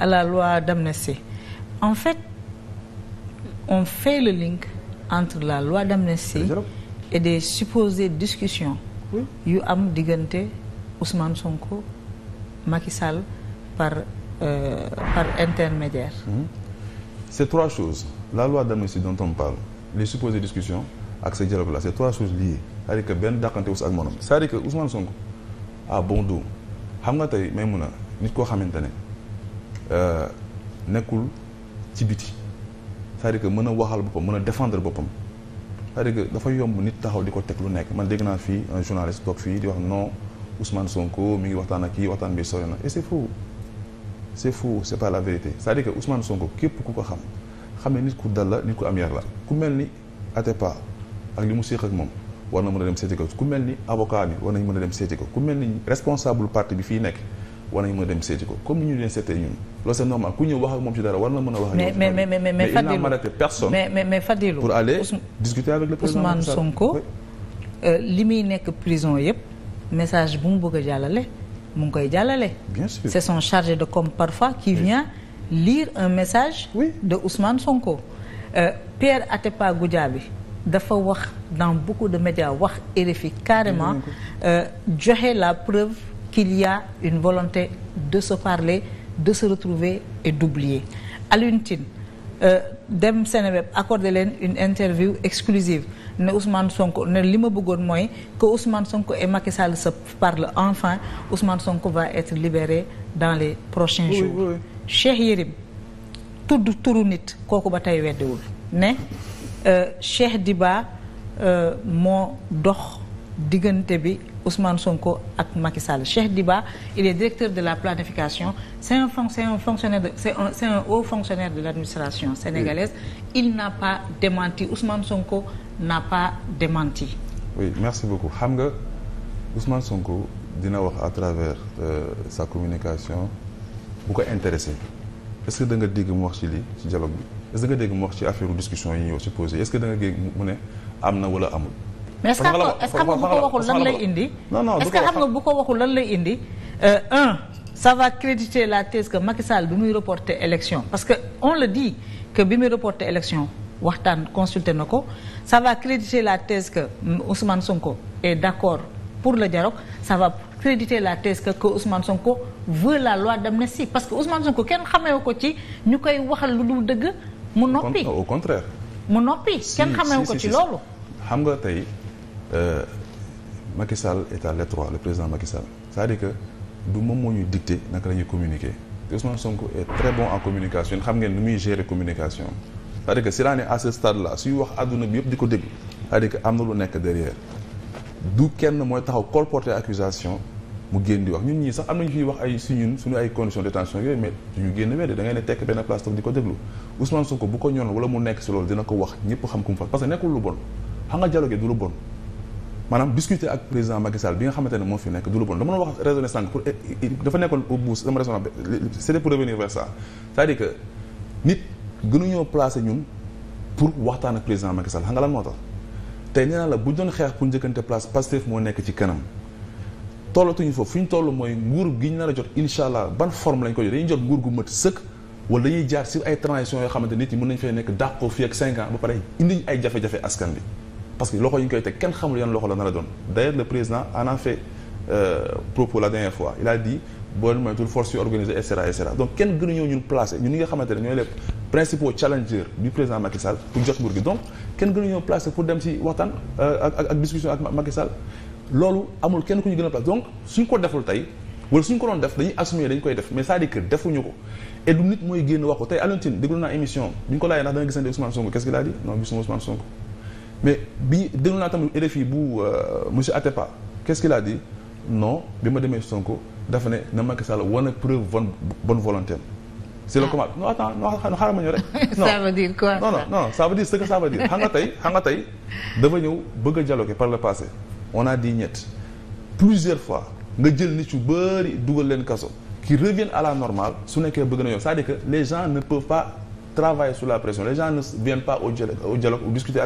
à la loi d'amnistie en fait on fait le link entre la loi d'amnistie et des supposées discussions yu am diggante Ousmane Sonko Macky Sall par euh, par intermédiaire mhm. c'est trois choses la loi d'amnistie dont parle les supposées discussions ak sa dialogue là c'est trois choses liées c'est-à-dire que benn dàqante wu ak morom cest à que Ousmane Sonko a bon dos xam nga tey may mun a nit koo xamante ne Euh, nekkul ci biti c'est-à-dire que mën a waxal boppam mën a défendre boppam c'est-à-dire que dafa yomb nit taxaw di ko teg lu nekk man dégg naa fii un journaliste toog fii di wax non Ousmane Sonko mu ngi waxtaan ak kii waxtaan bi sori na et c'est faux c'est faux c'est pas la vérité c'est-à-dire que Sonko képp ku ko xam xam ne nit ku dal la nit ku am yar la ku mel ni Atepa ak li mu séeq ak moom war na mën a dem seeti ko ku mel ni avocat bi war nañ mën a dem seeti ko ku mel ni responsable parti bi fii nekk war nañ mën dem seeti ko comme ni ñu seetee ñun loolu c'est normal ku ñëw wax ak moom ci dara war na mën a wax. mais mais mais mais mais Fadilou mais il n'a arrêté personne. mais mais mais Fadilou pour aller discuter avec le président Ousmane Sonko. Euh, li muy nekk prison yëpp message bu mu bëgg a jàllale mu ngi koy jàllale. bien sûr c'est son chargé de com parfois qui vient lire un message. oui de Ousmane Sonko. Euh, Pierre Atepa Goudiaby dafa wax dans beaucoup de médias wax RFI carrément euh, joxe la preuve qu'il y a une volonté de se parler. de se retrouver et d'oublier alintin Tine euh, dem Seneweb accordé leen une interview exclusive ne Ousmane Sonko ne li ma bëggoon mooy que Ousmane Sonko et Macky Sall se parlent enfin Ousmane Sonko va être libéré dans les prochains oui, jours oui. Cheikh Yérim tudd turu nit kooku ba tey weddiwul ne euh, Cheikh Diba euh, moo dox diggante bi Ousmane Sonko ak Macky Sall Cheikh Diba il est directeur de la planification c'est un fon c'est un fonctionnaire de un c'est un haut fonctionnaire de l'administration sénégalaise il n'a pas démenti Ousmane Sonko n'a pas démenti. oui merci beaucoup xam nga Ousmane Sonko dina wax à travers euh, sa communication bu ko intéressé est que da nga dégg mu wax ci lii ci dialogue bi est-ce que da nga dégg mu wax ci affaire discussion yi ñëw est-ce que da dégg mu ne am na wala amul. mais est-ce que xam nga bu ko waxul lan lay indi. non non est-ce bu ko waxul lan lay indi un ça créditer la thèse que Macky Sall bi muy reporter élection parce que on le dit que bi muy reporter élection waxtaan consulter na ko ça va créditer la thèse que Ousmane Sonko est d'accord pour le dialogue ça va créditer la thèse que que Ousmane Sonko veut la loi d'amnistie parce que Ousmane ko kenn xamee ko ci ñu koy waxal lu dul dëgg mu noppi. au contraire mu noppi kenn xamee ko ci loolu. xam nga tey. euh, Macky Sall est à l'étroit le président Macky Sall cest que du moom moo ñu dicté naka la ñuy communiquer te Ousmane Sonko est très bon en communication xam ngeen nu muy gérer communication cest à que si laa ne à ce stade là suy wax àdduna bi yëpp di ko déglu cest à que am na lu nekk derrière du kenn mooy taxaw colporter accusation mu génn di wax ñun ñii sax am nañu fiy wax ay si ñun suñu ay conditions de détention yooyu mais ñu génn wedde da ne tekk wala mu nekk si loolu dina ko wax ñëpp xam ku mu fa parce que nekkul nga dialogue du lu bon maanaam discuter ak président Macky Sall bi nga xamante ne moo fi nekk du lu bon dama doon wax raisonné sànq pour e- dafa nekkoon au bout sama raisonnement c'était pour revenir vers ça cest que nit gënuñoo placer ñun pour waxtaan ak président Macky Sall xam nga lan moo tax tey nee la bu ñu doon xeex pour njëkkante place Pastef moo nekk ci kanam tollatuñu foofu fu ñu toll mooy nguur gi ñu nar a jot incha allah ban form lañ ko jot dañuy jot nguur gu mët sëkk wala dañuy jaar si ay transition yoo xamante nit ñi mën nañ fay nekk dàq ko fii ak 5 ba pare indiñ ay jafe-jafe askan bi parce que loxo yi ñu koy teg kenn xamul yan a euh, boo moytul force yu kenn gënuñoo ñun placé nga xamante ne ñooy les principaux challengers du président Macky Sall pour jot nguur gi donc kenn gënuñoo placé pour dem ci euh, ko deful tey wala suñ ko doon def dañuy assumer dañ koy def mais c'est-à-dire defuñu ko et nit mooy génn wax tey Alioune Tine naa émission bi ko laajee ndax dana gisante Ousmane Sonko qu'est-ce qu'il a dit non gisuma Ousmane Sonko mais bi déglu naa tamit RFI bu euh, monsieur Atepa qu'est-ce qu'il a dit non bi ma demee Sonko dafa ne na Macky Sall wane preuve bonne bonne volonté c'est le ah. comment non attends non xaaral ma ñëw rek. ça veut dire quoi non non xam nga tey xam nga tey dafa ñëw bëgg a dialoguer par le passé on a di ñett plusieurs fois nga jël nit yu bëri dugal leen kaso qui reviennent à la normale su nekkee bëgg na yow c'est-à-dire que les gens ne peuvent pas. travailler sous la pression les gens ne viennent pas au dialogue au dialogue ou discuter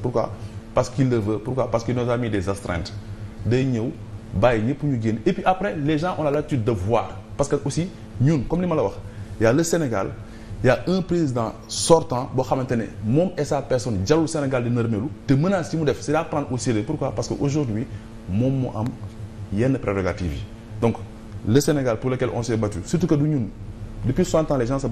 pourquoi parce qu'il pourquoi parce qu'il nous a mis des astreintes day ñëw bàyyi ñëpp ñu génn et puis après les gens de voir parce que aussi ñun comme li ma la wax y a le Sénégal y a un président sortant boo xamante ne a et sa personne jarul Sénégal di nërmeelu te menace yi mu def c'est à prendre au sérieux pourquoi parce que aujourd'hui moom moo am yenn prérogatives yi donc le Sénégal pour lequel on que du ñun depuis 60 ans les gens se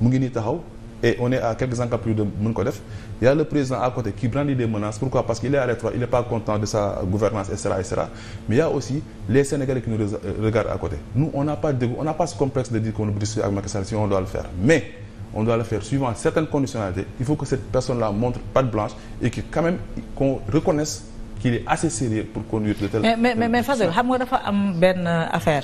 mu ngi nii taxaw et on est à quelques encablures de mën ko def y a le président à côté qui brandit des menaces pourquoi parce qu'il est à l'étroit il est pas content de sa gouvernance et cetera et cetera mais y aussi les Sénégalais qui nous euh, regardent à côté on n'a pas de on n'a pas ce de dire qu'on est brisé avec Macky Sall si on doit le faire mais on doit le faire suivant certaines conditionnalités il faut que cette personne-là montre patte de telles mais mais mais euh,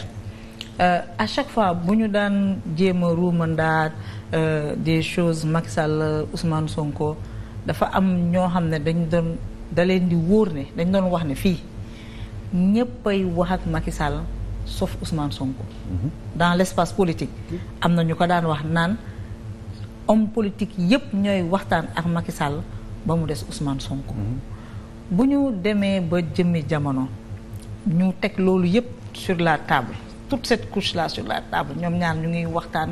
Euh, à chaque fois bu ñu daan jéem a ruumandaat euh, des choses Macky Sall Ousmane Sonko dafa am ñoo xam ne dañ doon da leen di wóor ne dañ doon wax ne fii ñëppay wax ak Macky Sall sauf Ousmane Sonko. Mhm. dans l'espace politique. am na ñu ko daan wax naan homme politique yépp ñooy waxtaan ak Macky Sall ba mu des Ousmane Sonko. Mhm. bu ñu demee ba jëmmi jamono ñu teg loolu yépp sur la table. toute cette couche là sur la table ñoom ñaar ñu ngi waxtaan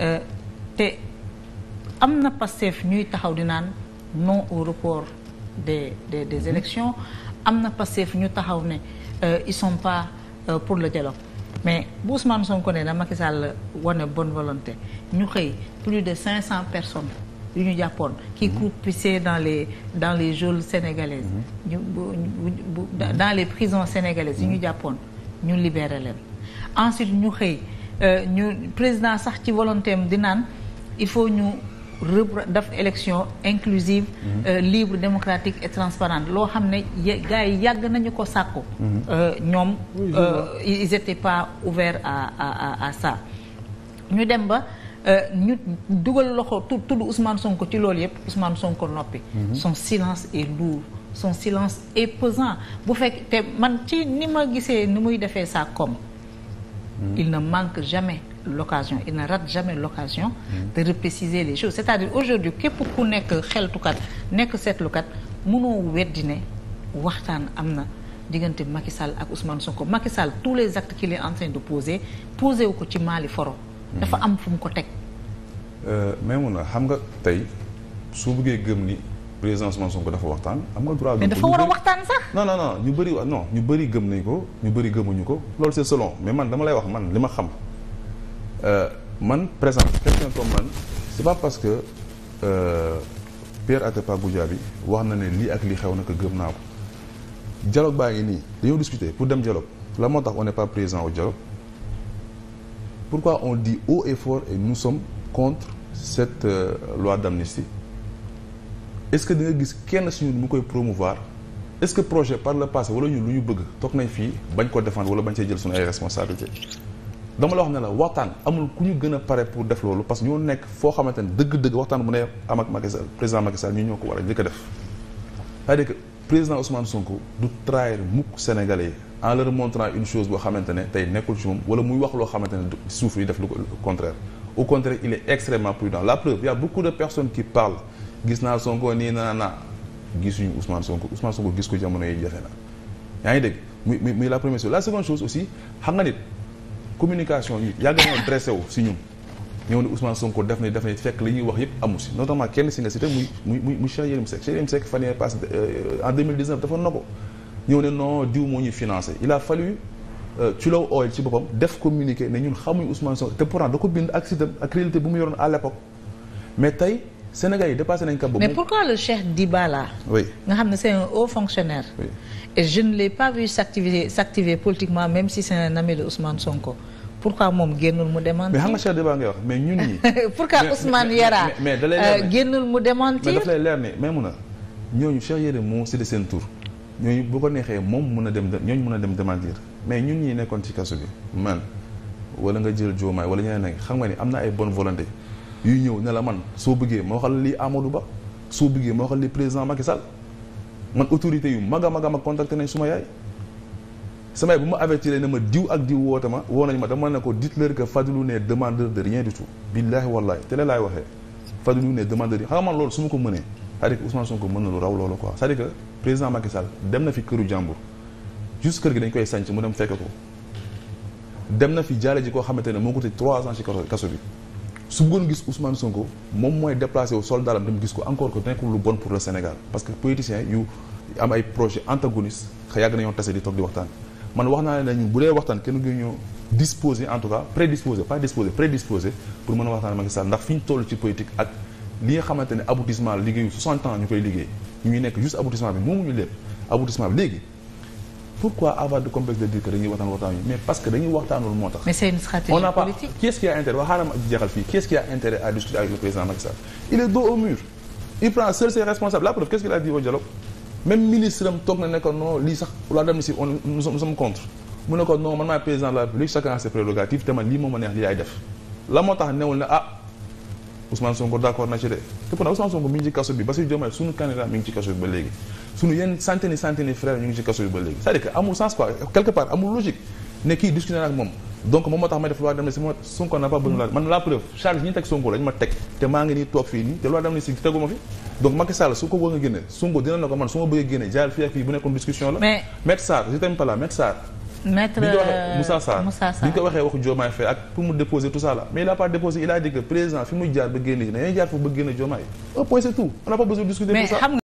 euh, te am na Pastef ñuy taxaw di naan non au report des des des mhm. élections am na Pastef ñu taxaw ne euh, ils pas euh, pour le dialogue mais bu Ousmane Sonko nee na Macky Sall wane bonne volonté ñu xëy plus de 500 personnes yu ñu jàppoon. qui mhm. croupissait dans les dans les geôles sénégalaises. Mhm. ñu dans les prisons sénégalaises yu ñu jàppoon ñu libéré leen. ensuite ñu xëy euh, ñu président sax ci volonté di naan il faut ñu repre def élection inclusive mhm. euh, libre démocratique et transparente loo xam ne gars yi yàgg nañu ko sàkku mhm. euh, ñoom ils étaient pas ouverts à à à ça ñu dem ba ñu dugal loxo tudd Ousmane Sonko ci loolu yëpp Ousmane Sonko noppi mhm. son silence est lourd son silence est pesant bu fekk te man ci ni ma gisee ni muy defee ça comme Mm-hmm. il ne manque jamais l'occasion il ne rate jamais l'occasion mm-hmm. de repréciser les choses c'est-à-dire aujourd'hui képp ku nekk xeltukat nekk seetlukat mënoo weddi ne waxtaan am na diggante Macky Sall ak Ousmane Sonko Macky Sall tous les actes qu'il est en train de poser posé wu ko ci maali foro mm-hmm. dafa am fu mu ko teg euh, mais mun na xam nga tey soo bëggee gëm ni président Ousmane Sonko dafa waxtaan am nga droit. mais dafa war a waxtaan sax. non non ñu bëri wa non ñu bëri gëm nañ ko ñu bëri gëmuñu ko loolu c'est selon mais man dama lay wax man li ma xam euh, man présent quelqu'un comme man c'est pas parce que euh, Pierre Atepa Goudiaby wax na ne lii ak lii xew na ko gëm naa ko dialogue baa ngi nii dañoo discuter pour dem dialogue la moo tax on ne pas présent au dialogue pourquoi on dit haut et fort et nous sommes contre cette euh, loi d'amnistie est-ce que di gis kenn suñu mu koy promouvoir est-ce que projet par le passé wala ñu lu ñu bëgg toog nañ fii bañ ko défendre wala bañ cee jël suñu ay responsabilité dama la wax ne waxtaan amul ku ñu gën a pare pour def loolu parce que ñoo nekk foo xamante ne dëgg-dëgg waxtaan bu ne am ak Macky Sall président Macky Sall ñu ñoo ko war a a def c'est-à-dire que président Ousmane Sonko du trahir mukk sénégalais yi en leur montrant une chose boo xamante ne tey nekkul ci moom wala muy wax loo xamante ne suuf yi def lu contraire au contraire il est extrêmement prudent la preuve il y a gis naa Sonko nii na naa gisuñu Ousmane Sonko Ousmane Sonko gis ko jamono yi jafe na yaa ngi dégg muy muy muy la première chose la seconde chose aussi xam nga nit communication yi yàgg nañoo dressé wu si ñun ñëw ne Ousmane Sonko def na def fekk li ñuy wax yëpp amu si notamment kenn si nga si te muy muy muy Cheikh Yérim Seck Cheikh Yérim Seck fan yii passé euh, en dafa na ko ñëw ne non diw moo ñu financé il a fallu ci euh, law oil ci boppam def communiqué ne ñun xamuñ Ousmane Sonko te pourtant da ko bind ak sitam ak réalité bu mu yoroon à mais tey Sénégal yi dépassé nañ kàbb. mais pourquoi le Cheikh Dibala. nga xam ne c'est un haut fonctionnaire. oui et je ne l'ai pas vu politiquement même si c'est un ami de Ousmane Sonko. pourquoi moom génnul mu démentir. mais xam nga Cheikh Dibala ngay wax mais ñun ñi pourquoi Ousmane Yara mais da lay leer ne euh, génnul mu démentir. mais mais mun a ñooñu Cheikh Yérim moo si de seen tour ñooñu bu ko neexee moom mun a dem ñooñu mun a dem démentir mais ñun ñi nekkoon ci kaso bi man wala nga jël joomaay wala ñeneen nag xam nga am na ay bonne volonté. yuy ñëw ne la man soo bëggee ma waxal lii Amadou Ba soo bëggee ma waxal lii président Macky Sall man autorité yu mag a mag a mag contacté nañ suma yaay sama yaay bu ma avertir ne ma diw ak diw woote ma woo nañ ma dama ne ko dites-leur que Fadilou n'est demandeur de rien du tout billaahi wallaahi te la laay waxee Fadilou n'est demandeur de rien xam nga man loolu su ma ko mënee c'est-à-dire que Ousmane Sonko mën na lu raw loolu quoi c'est-à-dire que président Macky Sall dem na fi këru jàmbur juste kër gi dañ koy sànc mu dem fekk ko dem na fi jaale ji koo xamante ne moo ko tëj trois ans ci kaso bi su bëggoon gis Ousmane Sonko moom mooy déplacé wu soldat am dem gis ko encore que nekkul lu bon pour le Sénégal parce que politiciens yu am ay projet antagoniste xa yàgg nañoo tase di toog di waxtaan man wax naa ne ñun bu dee waxtaan kenn gi ñoo disposé en tout cas prédisposé pas disposé prédisposé pour mën a waxtaan Macky ndax fi ñu toll ci politique ak li nga xamante ne liggéeyu 60 ans ñu koy liggéey ñu ngi nekk juste aboutissement bi moomuñu léegi pourquoi avoir de complexe de dire que dañuy waxtaan waxtaan mais parce que dañuy waxtaanul moo tax. on n'a pas qui est-ce qui a intérêt jeexal fii qui est-ce qui a avec le président Macky il est dos au il prend seul ses responsables la preuve qu'est-ce qu'il a dit au dialogue ministre am toog na ne ko lii sax laa dem si on nous sommes contre mu ne ko man maay président la République chacun a ses prérogatives te ma lii laay Ousmane Sonko d'accord na ci de te pourtant Ousmane Sonko mi ngi ci kaso bi Bassirou Diomaye suñu candidat mi ngi ci kaso bi ba léegi suñu yenn centaine centaine frère ñu ngi ci kaso bi ba léegi c'est-à-dire amul sens quoi quelque part amul logique ne kii discuté ak moom donc moom moo tax may def loi d'amnistie moo Sonko n'a pas besoin la man preuve charge ñi teg Sonko lañ ma teg te maa ngi nii toog fii nii te loi d'amnistie teguma fi donc Macky Sall su ko ma bëggee génne jaar fii ak fii bu nekkoon discussion maître euh, Moussa Sarr bi ñu ko waxee waxu Diomaye Faye ak pour mu déposer tout ça mais il a pas il a président fi muy jaar ba génn yi dañuy jaar foofu ba génn Diomaye un point c'est tout on n'a pas besoin de discuter pour